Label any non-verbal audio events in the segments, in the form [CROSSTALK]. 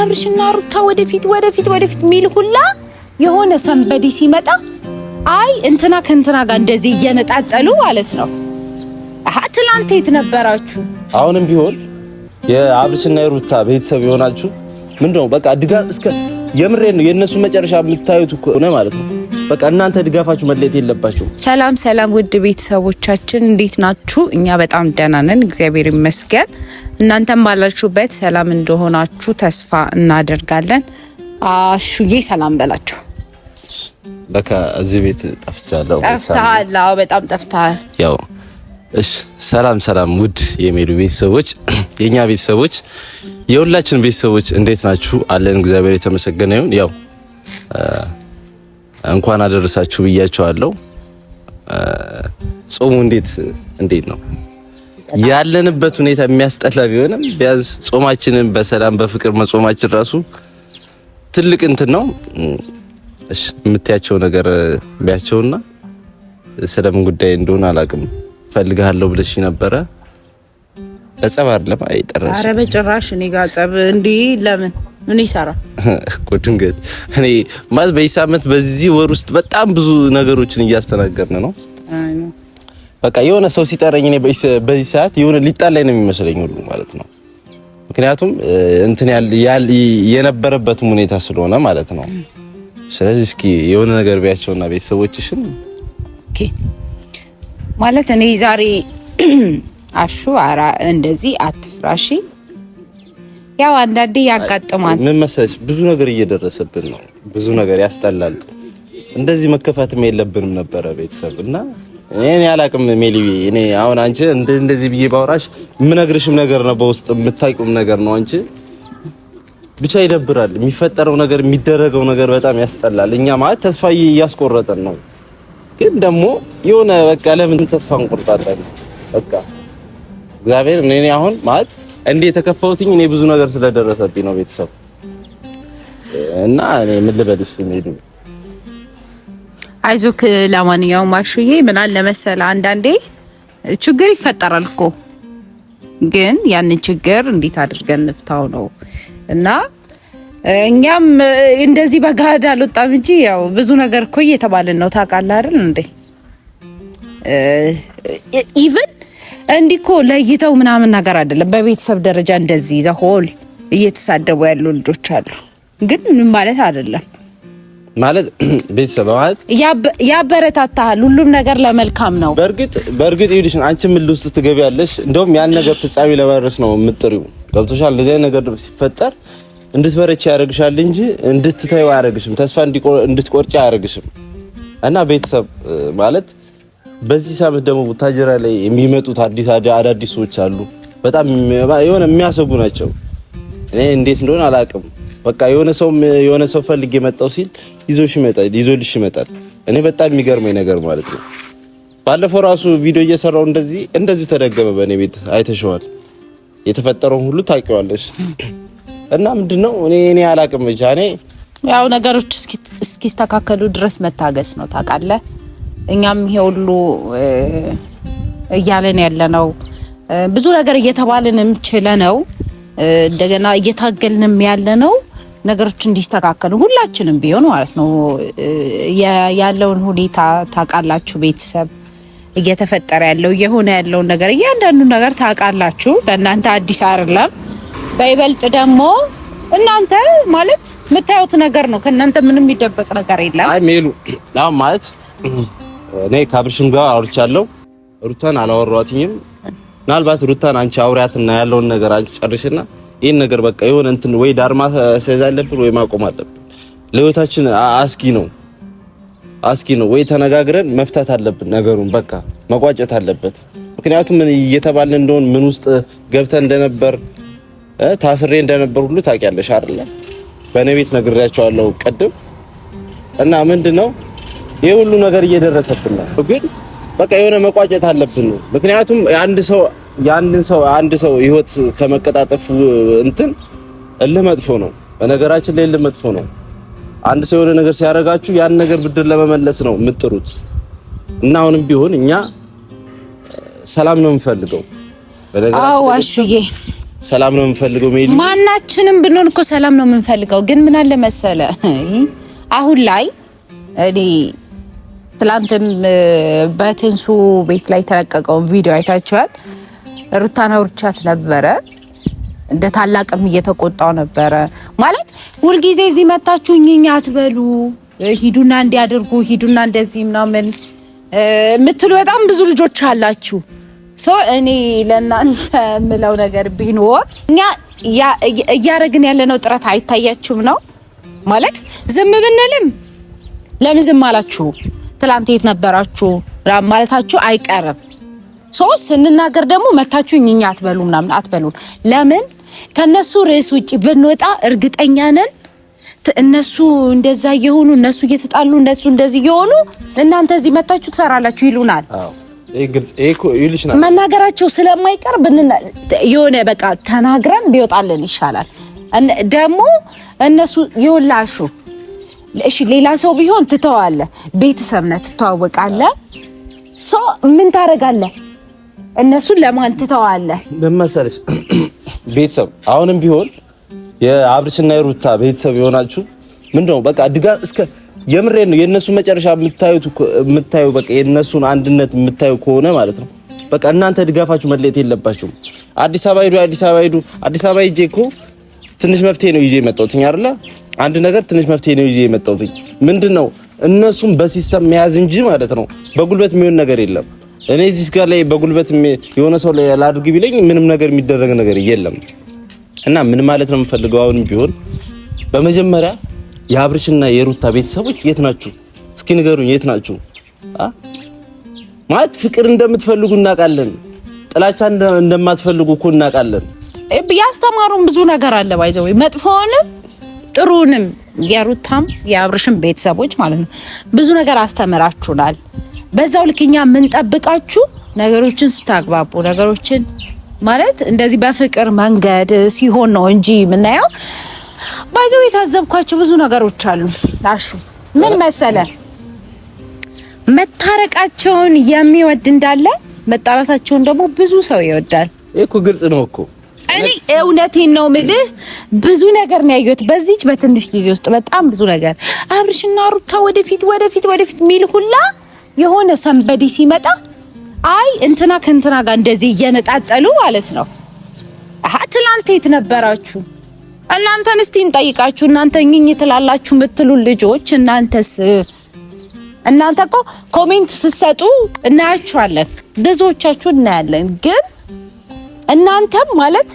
አብርሽና ሩታ ወደፊት ወደፊት ወደፊት ሚል ሁላ የሆነ ሰንበዲ ሲመጣ አይ እንትና ከእንትና ጋር እንደዚህ እየነጣጠሉ ማለት ነው። አሃ ትላንት የት ነበራችሁ? አሁንም ቢሆን የአብርሽና የሩታ ቤተሰብ የሆናችሁ ምንድነው በቃ ድጋ እስከ የምሬን ነው የእነሱ መጨረሻ የምታዩት ሆነ ማለት ነው በቃ እናንተ ድጋፋችሁ መለየት የለባችሁ። ሰላም ሰላም፣ ውድ ቤተሰቦቻችን እንዴት ናችሁ? እኛ በጣም ደህና ነን፣ እግዚአብሔር ይመስገን። እናንተም ባላችሁበት ሰላም እንደሆናችሁ ተስፋ እናደርጋለን። አሹዬ ሰላም በላችሁ። በቃ እዚህ ቤት ጠፍቻለሁ። ጠፍታለሁ፣ በጣም ጠፍተሃል። ያው እሺ። ሰላም ሰላም፣ ውድ የሚሉ ቤተሰቦች፣ የኛ ቤተሰቦች፣ የሁላችን ቤተሰቦች እንዴት ናችሁ? አለን እግዚአብሔር የተመሰገነ ይሁን። ያው እንኳን አደረሳችሁ ብያቸዋለሁ። ጾሙ እንዴት እንዴት ነው? ያለንበት ሁኔታ የሚያስጠላ ቢሆንም ቢያንስ ጾማችንን በሰላም በፍቅር መጾማችን ራሱ ትልቅ እንትን ነው። እሺ የምትያቸው ነገር ቢያቸውና ስለምን ጉዳይ እንደሆነ አላቅም። ፈልግሃለሁ ብለሽ ነበረ ለጸብ አይደለም አይጠራሽ። ኧረ በጭራሽ እኔ ጋር ጸብ እንዲህ ለምን ምን ይሰራል እኮ ድንገት እኔ ማለት በዚህ ሳምንት በዚህ ወር ውስጥ በጣም ብዙ ነገሮችን እያስተናገርን ነው። በቃ የሆነ ሰው ሲጠረኝ እኔ በዚህ ሰዓት የሆነ ሊጣላኝ ነው የሚመስለኝ ሁሉ ማለት ነው። ምክንያቱም እንትን ያል የነበረበትም ሁኔታ ስለሆነ ማለት ነው። ስለዚህ እስኪ የሆነ ነገር ቢያቸውና ቤተሰቦችሽን ኦኬ ማለት እኔ ዛሬ [CLEARS THROAT] አሹ አራ እንደዚህ አትፍራሺ ያው አንዳንዴ ያጋጥማል። ምን መሰለሽ ብዙ ነገር እየደረሰብን ነው። ብዙ ነገር ያስጠላል። እንደዚህ መከፋትም የለብንም ነበረ ቤተሰብ እና እኔ አላቅም ሜሊቢ እኔ አሁን አንቺ እንደዚህ ብዬ ባውራሽ የምነግርሽም ነገር ነው፣ በውስጥ የምታይቁም ነገር ነው። አንቺ ብቻ ይደብራል። የሚፈጠረው ነገር የሚደረገው ነገር በጣም ያስጠላል። እኛ ማለት ተስፋ እያስቆረጠን ነው፣ ግን ደግሞ የሆነ በቃ ለምን ተስፋ እንቆርጣለን? በቃ እግዚአብሔር እኔ አሁን ማለት እንዴ የተከፋሁትኝ እኔ ብዙ ነገር ስለደረሰብኝ ነው ቤተሰብ እና እኔ ምን ልበልሽ ሜዱ አይዞክ ለማንኛውም ማሹዬ ምን አለ መሰለ አንዳንዴ ችግር ይፈጠራል እኮ ግን ያንን ችግር እንዴት አድርገን እንፍታው ነው እና እኛም እንደዚህ በጋድ አልወጣም እንጂ ያው ብዙ ነገር እኮ እየተባልን ነው ታውቃለህ አይደል እንዴ ኢቭን እንዲህ እኮ ለይተው ምናምን ነገር አይደለም። በቤተሰብ ደረጃ እንደዚህ ዘሆል እየተሳደቡ ያሉ ልጆች አሉ። ግን ምን ማለት አይደለም ማለት [CLEARS THROAT] ቤተሰብ ማለት ያበረታታል። ሁሉም ነገር ለመልካም ነው። በእርግጥ በእርግጥ ይኸውልሽ አንቺ ምን ውስጥ ትገቢያለሽ። እንደውም ያን ነገር ፍጻሜ ለማድረስ ነው የምጥሪው። ገብቶሻል። እንደዚህ ነገር ሲፈጠር እንድትበረቺ ያደርግሻል እንጂ እንድትተይው አያደርግሽም። ተስፋ እንድትቆርጪ አያደርግሽም። እና ቤተሰብ ማለት በዚህ ሳምንት ደግሞ ቡታጀራ ላይ የሚመጡት አዲስ አዳዲስ ሰዎች አሉ። በጣም የሆነ የሚያሰጉ ናቸው። እኔ እንዴት እንደሆነ አላውቅም። በቃ የሆነ ሰው የሆነ ሰው ፈልግ የመጣው ሲል ይዞሽ ይመጣል፣ ይዞልሽ ይመጣል። እኔ በጣም የሚገርመኝ ነገር ማለት ነው ባለፈው ራሱ ቪዲዮ እየሰራው እንደዚህ እንደዚሁ ተደገመ በእኔ ቤት አይተሸዋል። የተፈጠረውን ሁሉ ታውቂዋለሽ። እና ምንድነው እኔ እኔ አላውቅም ብቻ እኔ ያው ነገሮች እስኪስተካከሉ ድረስ መታገስ ነው ታውቃለህ። እኛም ይሄ ሁሉ እያለን ያለ ነው ብዙ ነገር እየተባልንም ችለ ነው እንደገና እየታገልንም ያለ ነው ነገሮች እንዲስተካከሉ ሁላችንም ቢሆን ማለት ነው። ያለውን ሁኔታ ታውቃላችሁ፣ ቤተሰብ እየተፈጠረ ያለው እየሆነ ያለውን ነገር እያንዳንዱ ነገር ታውቃላችሁ። ለእናንተ አዲስ አይደለም። በይበልጥ ደግሞ እናንተ ማለት የምታዩት ነገር ነው። ከእናንተ ምንም የሚደበቅ ነገር የለም። አይ ሜሉ ማለት እኔ ከአብርሽም ጋር አውርቻለሁ። ሩታን አላወራኋትኝም። ምናልባት ሩታን አንቺ አውሪያትና ያለውን ነገር አንቺ ጨርሽና ይህን ነገር በቃ የሆነ እንትን ወይ ዳርማ ሰይዝ አለብን ወይ ማቆም አለብን። ለህይወታችን አስጊ ነው አስጊ ነው ወይ ተነጋግረን መፍታት አለብን ነገሩን በቃ መቋጨት አለበት። ምክንያቱም ምን እየተባለ እንደሆን ምን ውስጥ ገብተን እንደነበር ታስሬ እንደነበር ሁሉ ታውቂያለሽ አይደለ? በእኔ ቤት ነግሬያቸዋለሁ ቅድም እና ምንድነው ይሄ ሁሉ ነገር እየደረሰብን ነው። ግን በቃ የሆነ መቋጨት አለብን ምክንያቱም አንድ ሰው የአንድን ሰው አንድ ሰው ህይወት ከመቀጣጠፍ እንትን እልህ መጥፎ ነው። በነገራችን ላይ እልህ መጥፎ ነው። አንድ ሰው የሆነ ነገር ሲያደርጋችሁ ያን ነገር ብድር ለመመለስ ነው የምጥሩት እና አሁንም ቢሆን እኛ ሰላም ነው የምንፈልገው። አዎ አሹዬ ሰላም ነው የምንፈልገው። ሜሊ ማናችንም ብንሆን እኮ ሰላም ነው የምንፈልገው። ግን ምን አለ መሰለ አሁን ላይ እኔ ትላንትም በትንሱ ቤት ላይ የተለቀቀውን ቪዲዮ አይታችኋል። ሩታና ውርቻት ነበረ እንደ ታላቅም እየተቆጣው ነበረ። ማለት ሁልጊዜ እዚህ መታችሁ እኛ አትበሉ፣ ሂዱና እንዲያደርጉ ሂዱና እንደዚህ ምናምን የምትሉ በጣም ብዙ ልጆች አላችሁ። እኔ ለእናንተ የምለው ነገር ቢኖር እኛ እያደረግን ያለነው ጥረት አይታያችሁም ነው ማለት ዝም ብንልም ለምን ዝም አላችሁ? ትላንት የት ነበራችሁ ማለታችሁ አይቀርም። ሶ ስንናገር ደግሞ መታችሁኝ እኛ አትበሉ ምናምን አትበሉን። ለምን ከነሱ ርዕስ ውጭ ብንወጣ እርግጠኛ ነን እነሱ እንደዛ እየሆኑ እነሱ እየተጣሉ እነሱ እንደዚህ እየሆኑ እናንተ እዚህ መታችሁ ትሰራላችሁ ይሉናል። መናገራቸው ስለማይቀር የሆነ በቃ ተናግረን ቢወጣልን ይሻላል። ደግሞ እነሱ ይውላሹ እሺ ሌላ ሰው ቢሆን ትተዋለ፣ ቤተሰብ ነህ፣ ትተዋወቃለ፣ ሰው ምን ታደርጋለህ? እነሱን ለማን ትተዋለ? ምን መሰለሽ ቤተሰብ አሁንም ቢሆን የአብርሽና የሩታ ቤተሰብ የሆናችሁ ምንድነው በቃ ድጋ እስከ የምሬን ነው የነሱ መጨረሻ የምታዩት የምታዩ በቃ የነሱን አንድነት የምታዩ ከሆነ ማለት ነው በቃ እናንተ ድጋፋችሁ መለየት የለባችሁም። አዲስ አበባ ሂዱ፣ አዲስ አበባ ሂዱ። አዲስ አበባ ሂጄ እኮ ትንሽ መፍትሄ ነው ይዤ የመጣሁት አይደለ አንድ ነገር ትንሽ መፍትሄ ነው ይዤ የመጣሁት። ምንድን ነው እነሱም በሲስተም መያዝ እንጂ ማለት ነው በጉልበት የሚሆን ነገር የለም። እኔ እዚህ ጋር ላይ በጉልበት የሆነ ሰው ላይ ላድርግ ቢለኝ ምንም ነገር የሚደረግ ነገር የለም። እና ምን ማለት ነው የምፈልገው አሁን ቢሆን በመጀመሪያ የአብርሽና የሩታ ቤተሰቦች የት ናችሁ? እስኪ ንገሩኝ፣ የት ናችሁ? ማለት ፍቅር እንደምትፈልጉ እናውቃለን። ጥላቻ እንደማትፈልጉ እኮ እናውቃለን። ያስተማሩን ብዙ ነገር አለ ባይዘው መጥፎውንም ጥሩንም የሩታም የአብርሽም ቤተሰቦች ማለት ነው ብዙ ነገር አስተምራችሁናል። በዛው ልክ እኛ የምንጠብቃችሁ ነገሮችን ስታግባቡ ነገሮችን ማለት እንደዚህ በፍቅር መንገድ ሲሆን ነው እንጂ የምናየው ባዚው የታዘብኳቸው ብዙ ነገሮች አሉ። አሹ ምን መሰለ መታረቃቸውን የሚወድ እንዳለ መጣላታቸውን ደግሞ ብዙ ሰው ይወዳል። ይሄ እኮ ግልጽ ነው እኮ እኔ እውነቴን ነው ምልህ፣ ብዙ ነገር ነው ያየሁት በዚች በትንሽ ጊዜ ውስጥ በጣም ብዙ ነገር። አብርሽና ሩታ ወደፊት ወደፊት ወደፊት ሚል ሁላ የሆነ ሰንበዴ ሲመጣ አይ እንትና ከእንትና ጋር እንደዚህ እየነጣጠሉ ማለት ነው። አሃ የት ነበራችሁ? እናንተን እስቲ እንጠይቃችሁ። እናንተ እኝኝ ትላላችሁ የምትሉ ልጆች እናንተስ እናንተ እኮ ኮሜንት ስትሰጡ እናያችኋለን፣ ብዙዎቻችሁ እናያለን ግን እናንተም ማለት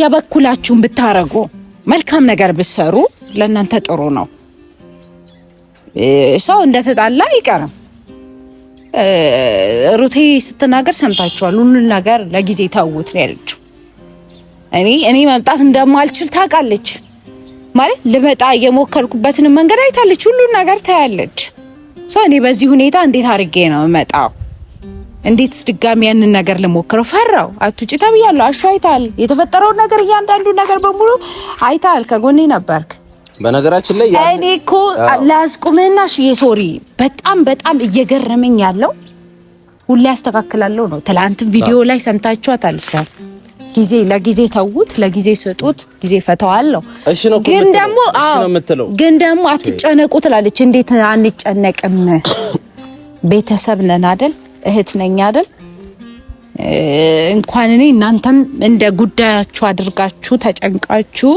የበኩላችሁን ብታረጉ መልካም ነገር ብትሰሩ ለእናንተ ጥሩ ነው። ሰው እንደተጣላ አይቀርም። ሩቴ ስትናገር ሰምታችኋል። ሁሉን ነገር ለጊዜ ታውት ነው ያለችው። እኔ እኔ መምጣት እንደማልችል ታውቃለች። ማለት ልመጣ የሞከርኩበትን መንገድ አይታለች። ሁሉን ነገር ታያለች። ሰው እኔ በዚህ ሁኔታ እንዴት አድርጌ ነው እመጣው? እንዴትስ ድጋሚ ያንን ነገር ልሞክረው? ፈራው። አትውጪ ተብያለሁ። አሹ አይታል፣ የተፈጠረውን ነገር እያንዳንዱ ነገር በሙሉ አይታል። ከጎኔ ነበርክ። በነገራችን ላይ እኔ እኮ ላስቁምህና ሽዬ፣ ሶሪ በጣም በጣም እየገረመኝ ያለው ሁሌ ያስተካክላለሁ ነው። ትላንትም ቪዲዮ ላይ ሰምታችኋታል እሷን ጊዜ ለጊዜ ተዉት፣ ለጊዜ ስጡት፣ ጊዜ ፈተዋለሁ። እሺ ነው ግን ደግሞ አዎ፣ ግን ደግሞ አትጨነቁ ትላለች። እንዴት አንጨነቅም? [COUGHS] ቤተሰብ ነን አይደል? እህት ነኝ አይደል? እንኳን እኔ እናንተም እንደ ጉዳያችሁ አድርጋችሁ ተጨንቃችሁ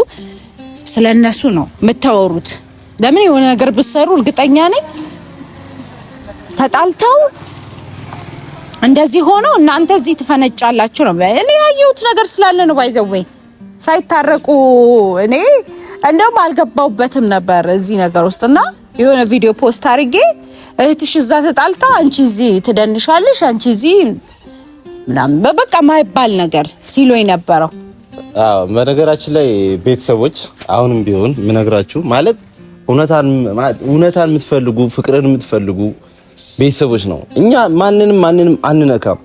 ስለነሱ ነው የምታወሩት። ለምን የሆነ ነገር ብትሰሩ እርግጠኛ ነኝ ተጣልተው እንደዚህ ሆኖ እናንተ እዚህ ትፈነጫላችሁ ነው። እኔ ያየሁት ነገር ስላለ ነው። ባይዘወይ ሳይታረቁ እኔ እንደውም አልገባሁበትም ነበር እዚህ ነገር ውስጥ እና የሆነ ቪዲዮ ፖስት አድርጌ እህትሽ እዛ ተጣልታ አንቺ እዚህ ትደንሻለሽ፣ አንቺ እዚህ ምናምን በቃ ማይባል ነገር ሲሎ የነበረው። አዎ በነገራችን ላይ ቤተሰቦች፣ አሁንም ቢሆን የምነግራችሁ ማለት እውነታን የምትፈልጉ ፍቅርን የምትፈልጉ ቤተሰቦች ነው። እኛ ማንንም ማንንም አንነካም።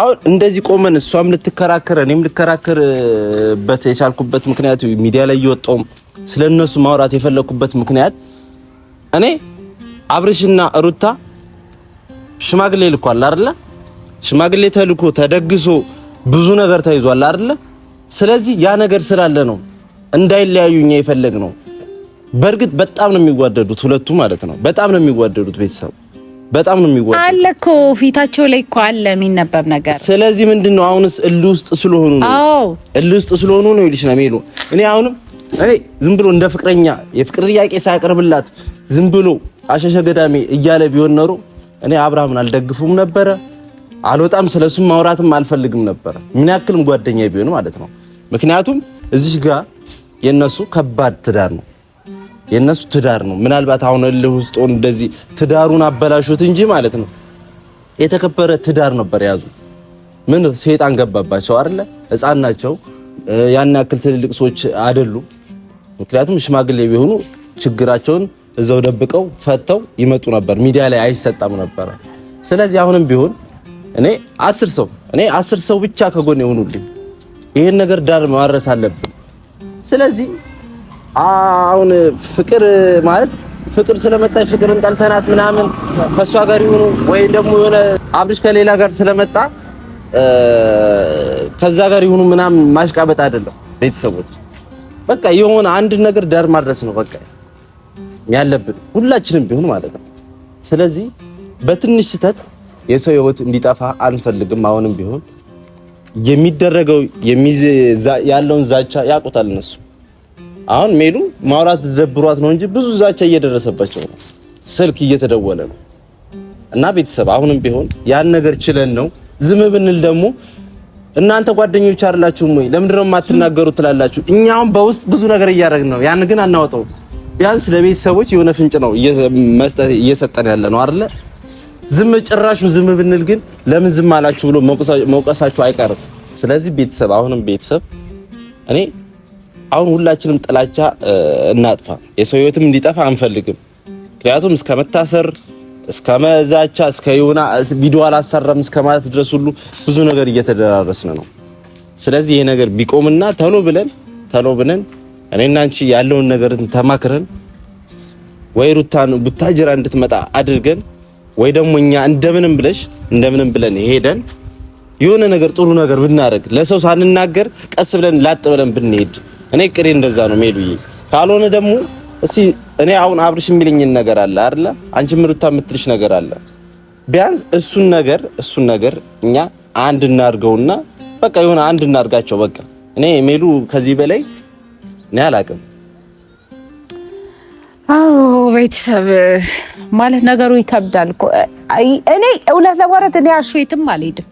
አሁን እንደዚህ ቆመን እሷም ልትከራከር እኔም ልከራከርበት የቻልኩበት ምክንያት ሚዲያ ላይ እየወጣውም ስለነሱ ማውራት የፈለኩበት ምክንያት እኔ አብርሽና ሩታ ሽማግሌ ልኳል አይደለ? ሽማግሌ ተልኮ ተደግሶ ብዙ ነገር ተይዟል አይደለ? ስለዚህ ያ ነገር ስላለ ነው እንዳይለያዩ እኛ የፈለግ ነው። በእርግጥ በጣም ነው የሚዋደዱት ሁለቱ ማለት ነው። በጣም ነው የሚዋደዱት ቤተሰብ በጣም ነው የሚወደው አለ እኮ ፊታቸው ላይ እኮ አለ የሚነበብ ነገር። ስለዚህ ምንድን ነው አሁንስ እልህ ውስጥ ስለሆኑ ነው። አዎ እልህ ውስጥ ስለሆኑ ነው ይልሽ ነው ሜሉ። እኔ አሁንም እኔ ዝም ብሎ እንደ ፍቅረኛ የፍቅር ጥያቄ ሳያቀርብላት ዝም ብሎ አሸሸ ገዳሜ እያለ ቢሆን ኖሮ እኔ አብርሃምን አልደግፉም ነበረ፣ አልወጣም፣ ስለሱም ማውራትም አልፈልግም ነበረ፣ ምን ያክልም ጓደኛ ቢሆን ማለት ነው። ምክንያቱም እዚህ ጋር የነሱ ከባድ ትዳር ነው፣ የነሱ ትዳር ነው። ምናልባት አሁን እልህ ውስጥ እንደዚህ ትዳሩን አበላሹት እንጂ ማለት ነው። የተከበረ ትዳር ነበር ያዙ። ምን ሴጣን ገባባቸው አይደለ? ህፃን ናቸው። ያን ያክል ትልልቅ ሰዎች አይደሉ ምክንያቱም ሽማግሌ ቢሆኑ ችግራቸውን እዛው ደብቀው ፈተው ይመጡ ነበር፣ ሚዲያ ላይ አይሰጣም ነበረ። ስለዚህ አሁንም ቢሆን እኔ አስር ሰው እኔ አስር ሰው ብቻ ከጎን የሆኑልኝ ይሄን ነገር ዳር ማድረስ አለብን። ስለዚህ አሁን ፍቅር ማለት ፍቅር ስለመጣ ፍቅርን ጠልተናት ምናምን ከሷ ጋር ይሁኑ ወይ ደግሞ የሆነ አብርሽ ከሌላ ጋር ስለመጣ ከዛ ጋር ይሁኑ ምናምን ማሽቃበጥ አይደለም። ቤተሰቦች በቃ የሆነ አንድ ነገር ዳር ማድረስ ነው በቃ ያለብን ሁላችንም ቢሆን ማለት ነው። ስለዚህ በትንሽ ስህተት የሰው ህይወት እንዲጠፋ አንፈልግም። አሁንም ቢሆን የሚደረገው ያለውን ዛቻ ያውቁታል እነሱ። አሁን ሜሉ ማውራት ደብሯት ነው እንጂ ብዙ ዛቻ እየደረሰባቸው ነው፣ ስልክ እየተደወለ ነው። እና ቤተሰብ አሁንም ቢሆን ያን ነገር ችለን ነው ዝም ብንል ደግሞ እናንተ ጓደኞች አይደላችሁም ወይ? ለምንድነው ነው የማትናገሩት ትላላችሁ። እኛውን በውስጥ ብዙ ነገር እያደረግን ነው፣ ያን ግን አናወጣውም። ቢያንስ ለቤተሰቦች የሆነ ፍንጭ ነው እየሰጠን ያለ ነው አይደለ? ዝም ጭራሹን ዝም ብንል ግን ለምን ዝም አላችሁ ብሎ መውቀሳችሁ አይቀርም። ስለዚህ ቤተሰብ አሁንም ቤተሰብ እኔ አሁን ሁላችንም ጥላቻ እናጥፋ፣ የሰው ህይወትም እንዲጠፋ አንፈልግም። ምክንያቱም እስከ መታሰር እስከ መዛቻ እስከ የሆነ ቪዲዮ አላሰራም እስከ ማለት ድረስ ሁሉ ብዙ ነገር እየተደራረስን ነው። ስለዚህ ይሄ ነገር ቢቆምና ተሎ ብለን ተሎ ብለን እኔና አንቺ ያለውን ነገርን ተማክረን ወይ ሩታን ቡታጅራ እንድትመጣ አድርገን ወይ ደግሞ እኛ እንደምንም ብለሽ እንደምንም ብለን ሄደን የሆነ ነገር ጥሩ ነገር ብናደርግ ለሰው ሳንናገር ቀስ ብለን ላጥ ብለን ብንሄድ እኔ ቅሬ እንደዛ ነው ሜሉዬ። ካልሆነ ደግሞ እስኪ እኔ አሁን አብርሽ የሚልኝን ነገር አለ አይደለ? አንቺ ሩታ የምትልሽ ነገር አለ። ቢያንስ እሱን ነገር እሱን ነገር እኛ አንድ እናድርገውና በቃ የሆነ አንድ እናድርጋቸው። በቃ እኔ ሜሉ ከዚህ በላይ እኔ አላቅም። አዎ ቤተሰብ ማለት ነገሩ ይከብዳል እኮ። እኔ እውነት ለማውራት እኔ አሹ የትም አልሄድም።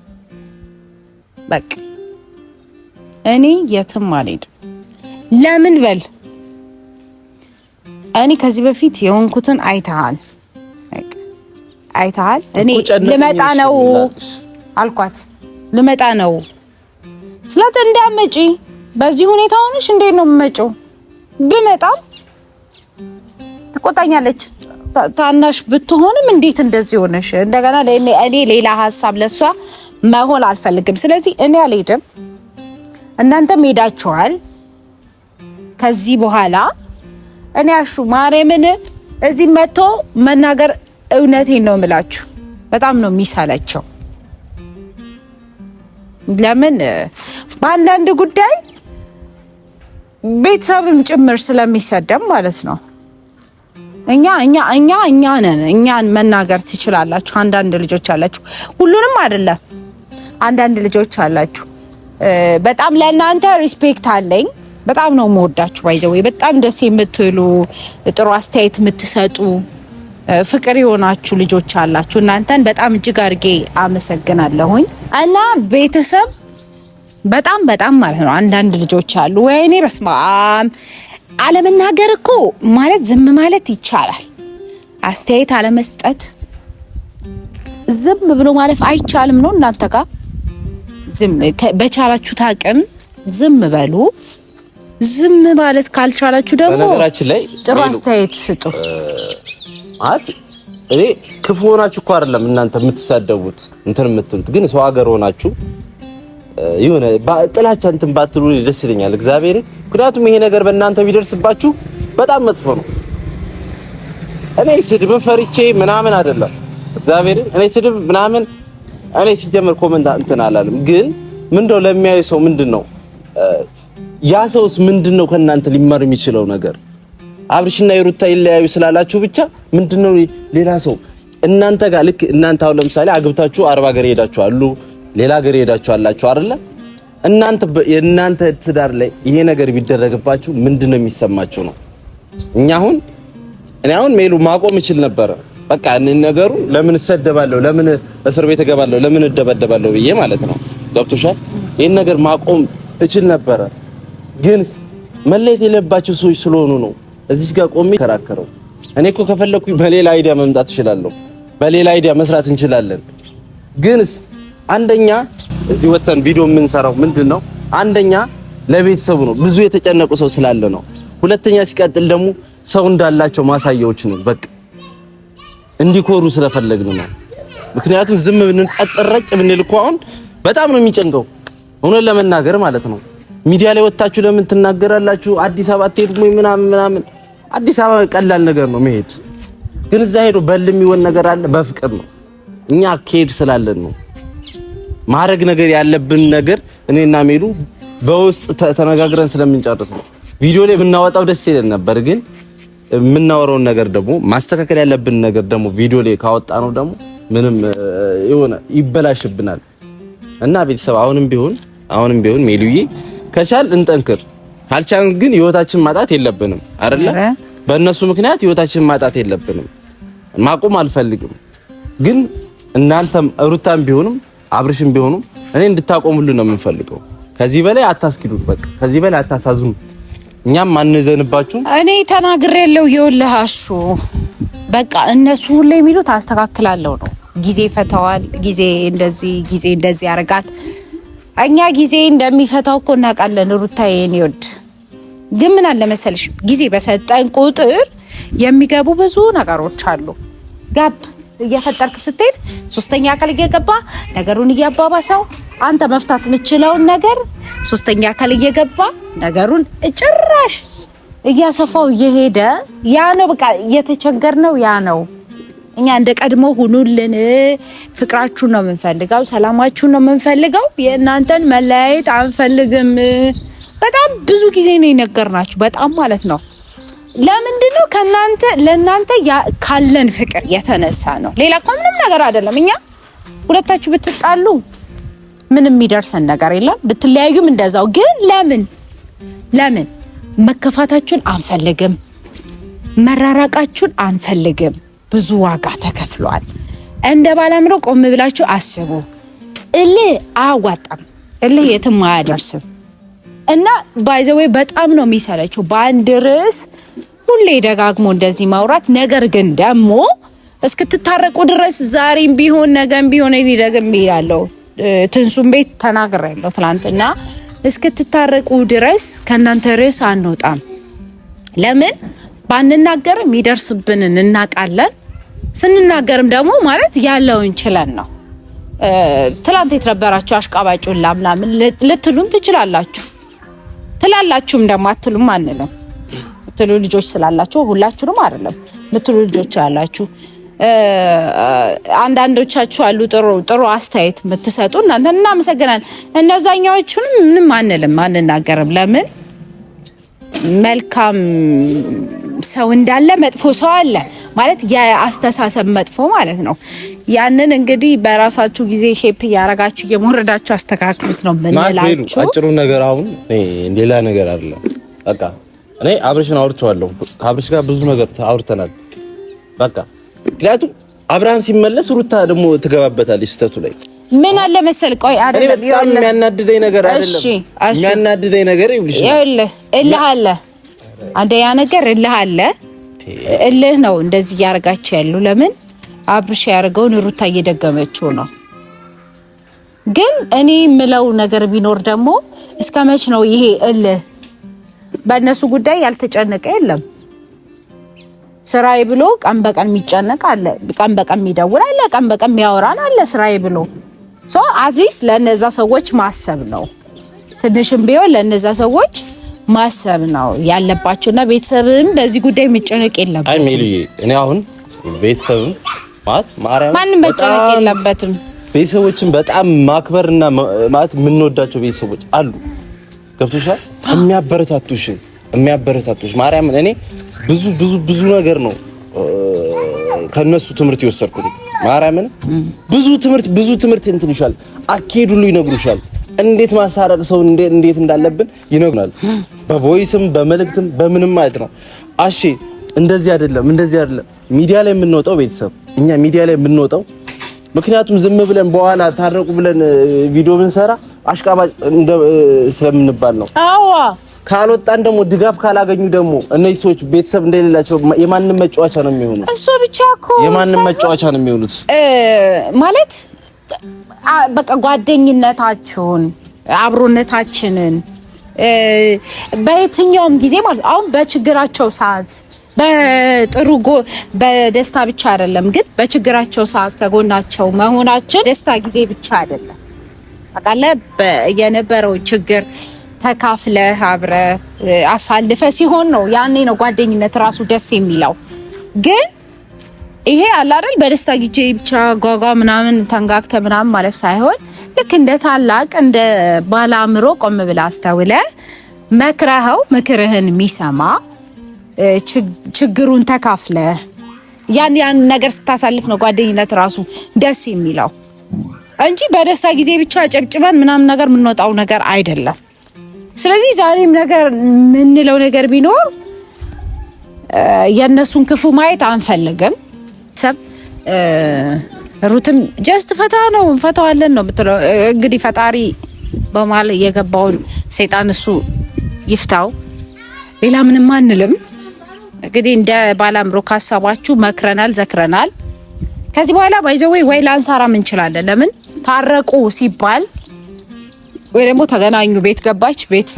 በቃ እኔ የትም አልሄድም። ለምን በል እኔ ከዚህ በፊት የሆንኩትን አይተሃል አይተሃል። እኔ ልመጣ ነው አልኳት፣ ልመጣ ነው ስላት እንዳመጪ በዚህ ሁኔታ ሆነሽ እንዴት ነው የምመጪው? ብመጣም ትቆጣኛለች። ታናሽ ብትሆንም እንዴት እንደዚህ ሆነሽ እንደገና እኔ ሌላ ሀሳብ ለሷ መሆን አልፈልግም። ስለዚህ እኔ አልሄድም፣ እናንተም ሄዳችኋል። ከዚህ በኋላ እኔ አሹ ማርያምን እዚህ መጥቶ መናገር እውነቴን ነው የምላችሁ፣ በጣም ነው የሚሳላቸው። ለምን በአንዳንድ ጉዳይ ቤተሰብም ጭምር ስለሚሰደብ ማለት ነው። እኛ እኛ እኛ እኛ ነን እኛን መናገር ትችላላችሁ። አንዳንድ ልጆች አላችሁ፣ ሁሉንም አይደለም። አንዳንድ ልጆች አላችሁ። በጣም ለእናንተ ሪስፔክት አለኝ። በጣም ነው የምወዳችሁ። ባይዘወይ በጣም ደስ የምትሉ ጥሩ አስተያየት የምትሰጡ ፍቅር የሆናችሁ ልጆች አላችሁ። እናንተን በጣም እጅግ አድርጌ አመሰግናለሁኝ እና ቤተሰብ በጣም በጣም ማለት ነው። አንዳንድ ልጆች አሉ ወይኔ በስመ አብ አለመናገር እኮ ማለት ዝም ማለት ይቻላል። አስተያየት አለመስጠት ዝም ብሎ ማለፍ አይቻልም ነው እናንተ ጋር? ዝም በቻላችሁት አቅም ዝም በሉ። ዝም ማለት ካልቻላችሁ ደግሞ በነገራችን ላይ ጥሩ አስተያየት ስጡ። አት እኔ ክፉ ሆናችሁ እኮ አይደለም እናንተ የምትሳደቡት እንትን የምትሉት፣ ግን ሰው ሀገር ሆናችሁ የሆነ ጥላቻ እንትን ባትሉ ደስ ይለኛል። እግዚአብሔር ምክንያቱም ይሄ ነገር በእናንተ ቢደርስባችሁ በጣም መጥፎ ነው። እኔ ስድብን ፈርቼ ምናምን አይደለም። እግዚአብሔር እኔ ስድብ ምናምን እኔ ሲጀመር ኮመንት እንትን አላለም። ግን ምንድነው ለሚያዩ ሰው ምንድነው ያ ሰውስ ምንድነው ከእናንተ ሊማር የሚችለው ነገር አብርሽና የሩታ ይለያዩ ስላላችሁ ብቻ ምንድነው ሌላ ሰው እናንተ ጋር ልክ እናንተ አሁን ለምሳሌ አግብታችሁ አርባ ሀገር ሄዳችሁ አሉ ሌላ ሀገር ሄዳችሁ አላችሁ አይደለ? እናንተ የእናንተ ትዳር ላይ ይሄ ነገር ቢደረግባችሁ ምንድነው የሚሰማችሁ ነው? እኛ አሁን እኔ አሁን ሜሉ ማቆም እችል ነበረ። በቃ ነገሩ ለምን እሰደባለሁ፣ ለምን እስር ቤት እገባለሁ፣ ለምን እደበደባለሁ ብዬ ማለት ነው። ገብቶሻል? ይሄን ነገር ማቆም እችል ነበረ፣ ግን መለየት የለባቸው ሰዎች ስለሆኑ ነው እዚህ ጋር ቆሜ ተከራከረው። እኔ እኮ ከፈለኩኝ በሌላ አይዲያ መምጣት እችላለሁ፣ በሌላ አይዲያ መስራት እንችላለን፣ ግንስ አንደኛ እዚህ ወተን ቪዲዮ የምንሰራው ምንድን ነው? አንደኛ ለቤተሰቡ ነው፣ ብዙ የተጨነቁ ሰው ስላለ ነው። ሁለተኛ ሲቀጥል ደግሞ ሰው እንዳላቸው ማሳያዎች ነው። በቃ እንዲኮሩ ስለፈለግን ነው። ምክንያቱም ዝም ብንን ጸጥረጭ ብንል እኮ አሁን በጣም ነው የሚጨንቀው፣ እውነት ለመናገር ማለት ነው። ሚዲያ ላይ ወጣችሁ ለምን ትናገራላችሁ? አዲስ አበባ አትሄዱም ወይ ምናምን ምናምን። አዲስ አበባ ቀላል ነገር ነው መሄድ፣ ግን እዛ ሄዶ በል የሚሆን ነገር አለ። በፍቅር ነው እኛ ከሄድ ስላለን ነው ማድረግ ነገር ያለብን ነገር እኔና ሜሉ በውስጥ ተነጋግረን ስለምንጨርስ ነው። ቪዲዮ ላይ ብናወጣው ደስ ይለን ነበር፣ ግን የምናወራውን ነገር ደግሞ ማስተካከል ያለብን ነገር ደግሞ ቪዲዮ ላይ ካወጣ ነው ደግሞ ምንም የሆነ ይበላሽብናል። እና ቤተሰብ አሁንም ቢሆን አሁንም ቢሆን ሜሉዬ ከቻል እንጠንክር፣ ካልቻል ግን ህይወታችን ማጣት የለብንም አይደለ? በእነሱ ምክንያት ህይወታችን ማጣት የለብንም። ማቆም አልፈልግም፣ ግን እናንተም ሩታም ቢሆንም አብርሽም ቢሆኑ እኔ እንድታቆምሉ ነው የምንፈልገው። ከዚህ በላይ አታስኪዱ፣ በቃ ከዚህ በላይ አታሳዝኑ። እኛም አንዘንባችሁ። እኔ ተናግር ያለው ይኸውልህ አሹ፣ በቃ እነሱ ሁሌ የሚሉት አስተካክላለሁ ነው። ጊዜ ፈተዋል፣ ጊዜ እንደዚህ፣ ጊዜ እንደዚህ ያደርጋል። እኛ ጊዜ እንደሚፈታው እኮ እናውቃለን። ሩታዬ የኔ ወድ ግን ምን አለ መሰልሽ ጊዜ በሰጠን ቁጥር የሚገቡ ብዙ ነገሮች አሉ ጋብ እየፈጠርክ ስትሄድ ሶስተኛ አካል እየገባ ነገሩን እያባባሰው አንተ መፍታት የምችለውን ነገር ሶስተኛ አካል እየገባ ነገሩን ጭራሽ እያሰፋው እየሄደ ያ ነው በቃ እየተቸገር ነው። ያ ነው እኛ እንደ ቀድሞ ሁኑልን፣ ፍቅራችሁን ነው የምንፈልገው፣ ሰላማችሁን ነው የምንፈልገው። የእናንተን መለያየት አንፈልግም። በጣም ብዙ ጊዜ ነው የነገርናችሁ፣ በጣም ማለት ነው ለምንድን ነው ከናንተ ለናንተ ካለን ፍቅር የተነሳ ነው። ሌላ እኮ ምንም ነገር አይደለም። እኛ ሁለታችሁ ብትጣሉ ምንም የሚደርሰን ነገር የለም። ብትለያዩም እንደዛው። ግን ለምን ለምን መከፋታችሁን አንፈልግም፣ መራራቃችሁን አንፈልግም። ብዙ ዋጋ ተከፍሏል። እንደ ባላምሮ ቆም ብላችሁ አስቡ። እልህ አያዋጣም። እልህ የትም አያደርስም። እና ባይዘዌ በጣም ነው የሚሰለችው በአንድ ርዕስ ሁሌ ደጋግሞ እንደዚህ ማውራት። ነገር ግን ደግሞ እስክትታረቁ ድረስ ዛሬም ቢሆን ነገም ቢሆን እኔ ደግም ይላለው ትንሱን ቤት ተናግሬያለሁ ትላንትና። እስክትታረቁ ድረስ ከእናንተ ርዕስ አንወጣም። ለምን ባንናገርም ይደርስብንን እናቃለን። ስንናገርም ደግሞ ማለት ያለውን ችለን ነው። ትላንት የተነበራችሁ አሽቃባጩላ ላምናምን ልትሉም ትችላላችሁ። ትላላችሁም ደግሞ አትሉም አንልም ምትሉ ልጆች ስላላችሁ ሁላችሁንም አይደለም ምትሉ ልጆች አላችሁ። አንዳንዶቻችሁ አሉ ጥሩ ጥሩ አስተያየት የምትሰጡ እናንተ እናመሰግናለን። እነዛኛዎቹንም ምንም አንልም አንናገርም። ለምን መልካም ሰው እንዳለ መጥፎ ሰው አለ ማለት የአስተሳሰብ መጥፎ ማለት ነው። ያንን እንግዲህ በራሳችሁ ጊዜ ሼፕ እያረጋችሁ እየሞረዳችሁ አስተካክሉት ነው ምንላችሁ። አጭሩ ነገር አሁን ሌላ ነገር አለ። በቃ እኔ አብርሽን አውርቼዋለሁ። ከአብርሽ ጋር ብዙ ነገር አውርተናል። በቃ ምክንያቱም አብርሃም ሲመለስ ሩታ ደግሞ ትገባበታለች ስተቱ ላይ ምን አለ መሰል፣ ቆይ አይደለም በጣም የሚያናድደኝ ነገር አይደለም። የሚያናድደኝ ነገር ይብልሽ እልህ አለ ያ ነገር እልህ አለ። እልህ ነው እንደዚህ እያደረጋችሁ ያሉ። ለምን አብርሽ ያደርገውን ሩታ እየደገመችው ነው። ግን እኔ ምለው ነገር ቢኖር ደግሞ እስከ መች ነው ይሄ እልህ? በእነሱ ጉዳይ ያልተጨነቀ የለም። ስራዬ ብሎ ቀን በቀን የሚጨነቅ አለ፣ ቀን በቀን የሚደውል አለ፣ ቀን በቀን የሚያወራን አለ ስራዬ ብሎ ሶ አትሊስት ለነዛ ሰዎች ማሰብ ነው። ትንሽም ቢሆን ለነዛ ሰዎች ማሰብ ነው ያለባቸውና ቤተሰብም በዚህ ጉዳይ መጨነቅ የለበትም። አይ ሜሊ እኔ አሁን ቤተሰብም ማለት ማርያም ማንም መጨነቅ የለበትም። ቤተሰቦችን በጣም ማክበርና ማለት የምንወዳቸው ቤተሰቦች አሉ። ገብቶሻል? የሚያበረታቱሽ የሚያበረታቱሽ ማርያምን እኔ ብዙ ብዙ ብዙ ነገር ነው ከነሱ ትምህርት የወሰድኩት። ማርያምን ብዙ ትምህርት ብዙ ትምህርት እንትንሻል አካሄድ ሁሉ ይነግሩሻል። እንዴት ማሳረቅ ሰው እንዴት እንዳለብን ይነግራል። በቮይስም በመልእክትም በምንም ማለት ነው። አሺ እንደዚህ አይደለም እንደዚህ አይደለም ሚዲያ ላይ የምንወጣው ቤተሰብ እኛ ሚዲያ ላይ የምንወጣው ምክንያቱም ዝም ብለን በኋላ ታረቁ ብለን ቪዲዮ ብንሰራ አሽቃባጭ ስለምንባል ነው። አዎ ካልወጣን ደግሞ ድጋፍ ካላገኙ ደግሞ እነዚህ ሰዎች ቤተሰብ እንደሌላቸው የማንም መጫወቻ ነው የሚሆኑት። እሱ ብቻ እኮ የማንም መጫወቻ ነው የሚሆኑት ማለት በቃ ጓደኝነታችሁን፣ አብሮነታችንን በየትኛውም ጊዜ ማለት አሁን በችግራቸው ሰዓት በጥሩ ጎ በደስታ ብቻ አይደለም ግን በችግራቸው ሰዓት ከጎናቸው መሆናችን ደስታ ጊዜ ብቻ አይደለም። ታውቃለህ የነበረው ችግር ተካፍለህ አብረህ አሳልፈህ ሲሆን ነው ያኔ ነው ጓደኝነት ራሱ ደስ የሚለው። ግን ይሄ አለ አይደል በደስታ ጊዜ ብቻ ጓጓ ምናምን ተንጋክተ ምናምን ማለፍ ሳይሆን ልክ እንደ ታላቅ እንደ ባላምሮ ቆም ብለህ አስተውለህ መክረኸው ምክርህን የሚሰማ ችግሩን ተካፍለህ ያን ያን ነገር ስታሳልፍ ነው ጓደኝነት ራሱ ደስ የሚለው እንጂ በደስታ ጊዜ ብቻ ጨብጭበን ምናምን ነገር የምንወጣው ነገር አይደለም። ስለዚህ ዛሬም ነገር የምንለው ነገር ቢኖር የእነሱን ክፉ ማየት አንፈልግም። ሰብ ሩትም ጀስት ፈታ ነው እንፈታዋለን ነው የምትለው። እንግዲህ ፈጣሪ በማል የገባውን ሰይጣን እሱ ይፍታው። ሌላ ምንም አንልም። እንግዲህ እንደ ባላምሮ ካሰባችሁ መክረናል፣ ዘክረናል። ከዚህ በኋላ ባይዘወይ ወይ ለአንሳራም እንችላለን። ለምን ታረቁ ሲባል ወይ ደግሞ ተገናኙ፣ ቤት ገባች፣ ቤት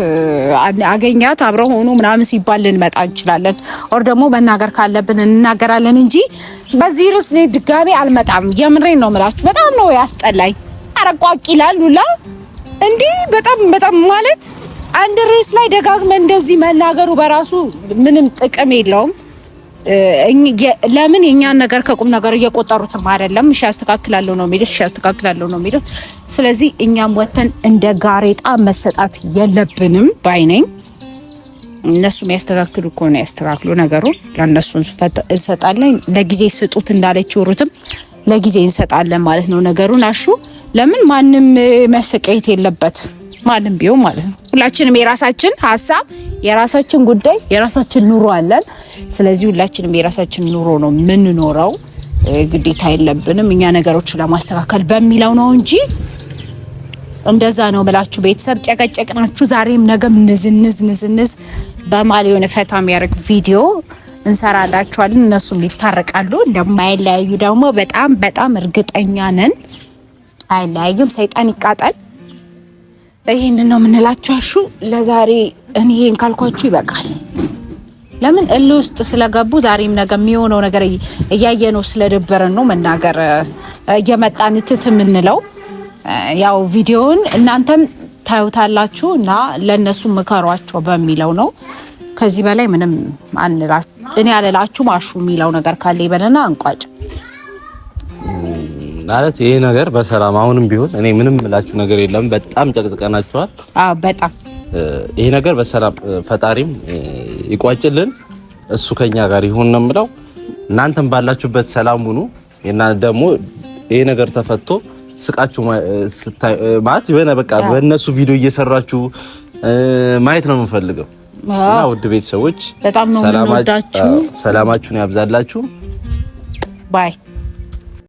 አገኛት፣ አብረ ሆኑ ምናምን ሲባል ልንመጣ እንችላለን። ኦር ደግሞ መናገር ካለብን እንናገራለን እንጂ በዚህ ርዕስ እኔ ድጋሜ አልመጣም። የምሬን ነው ምላችሁ። በጣም ነው ያስጠላኝ። አረቋቅ ይላል ሁላ እንዲህ በጣም በጣም ማለት አንድ ርዕስ ላይ ደጋግመን እንደዚህ መናገሩ በራሱ ምንም ጥቅም የለውም። ለምን የእኛን ነገር ከቁም ነገር እየቆጠሩትም አይደለም። እሺ ያስተካክላለሁ ነው የሚሉት፣ እሺ ያስተካክላለሁ ነው የሚሉት። ስለዚህ እኛም ወተን እንደ ጋሬጣ መሰጣት የለብንም ባይነኝ። እነሱ የሚያስተካክሉ ከሆነ ያስተካክሉ ነገሩ ለእነሱ እንሰጣለን። ለጊዜ ስጡት እንዳለች ሩትም ለጊዜ እንሰጣለን ማለት ነው ነገሩን። አሹ ለምን ማንም መሰቃየት የለበት ማንም ቢሆን ማለት ነው። ሁላችንም የራሳችን ሀሳብ፣ የራሳችን ጉዳይ፣ የራሳችን ኑሮ አለን። ስለዚህ ሁላችንም የራሳችን ኑሮ ነው የምንኖረው። ግዴታ የለብንም እኛ ነገሮችን ለማስተካከል በሚለው ነው እንጂ እንደዛ ነው ብላችሁ ቤተሰብ ጨቀጨቅናችሁ ዛሬም ነገም ንዝንዝ ንዝንዝ በማል የሆነ ፈታ የሚያደርግ ቪዲዮ እንሰራላችኋለን። እነሱም ይታረቃሉ። እንደማይለያዩ ደግሞ በጣም በጣም እርግጠኛ ነን። አይለያዩም። ሰይጣን ይቃጠል። ይህን ነው የምንላችሁ። አሹ ለዛሬ እኔ ይሄን ካልኳችሁ ይበቃል። ለምን እል ውስጥ ስለገቡ ዛሬም ነገ የሚሆነው ነገር እያየ ነው ስለደበረን ነው መናገር እየመጣን ትት የምንለው። ያው ቪዲዮውን እናንተም ታዩታላችሁ እና ለእነሱ ምከሯቸው በሚለው ነው። ከዚህ በላይ ምንም አንላችሁ እኔ አልላችሁም። አሹ የሚለው ነገር ካለ ይበለና እንቋጭ። ማለት ይሄ ነገር በሰላም አሁንም ቢሆን እኔ ምንም እላችሁ ነገር የለም። በጣም ጨቅጭቀናችኋል። አዎ በጣም ይሄ ነገር በሰላም ፈጣሪም ይቋጭልን፣ እሱ ከኛ ጋር ይሁን ነው የምለው። እናንተም ባላችሁበት ሰላም ሁኑ እና ደግሞ ይሄ ነገር ተፈቶ ስቃችሁ ማለት የሆነ በቃ በእነሱ ቪዲዮ እየሰራችሁ ማየት ነው የምንፈልገው። እና ውድ ቤተሰቦች በጣም ነው ሰላማችሁን ያብዛላችሁ ባይ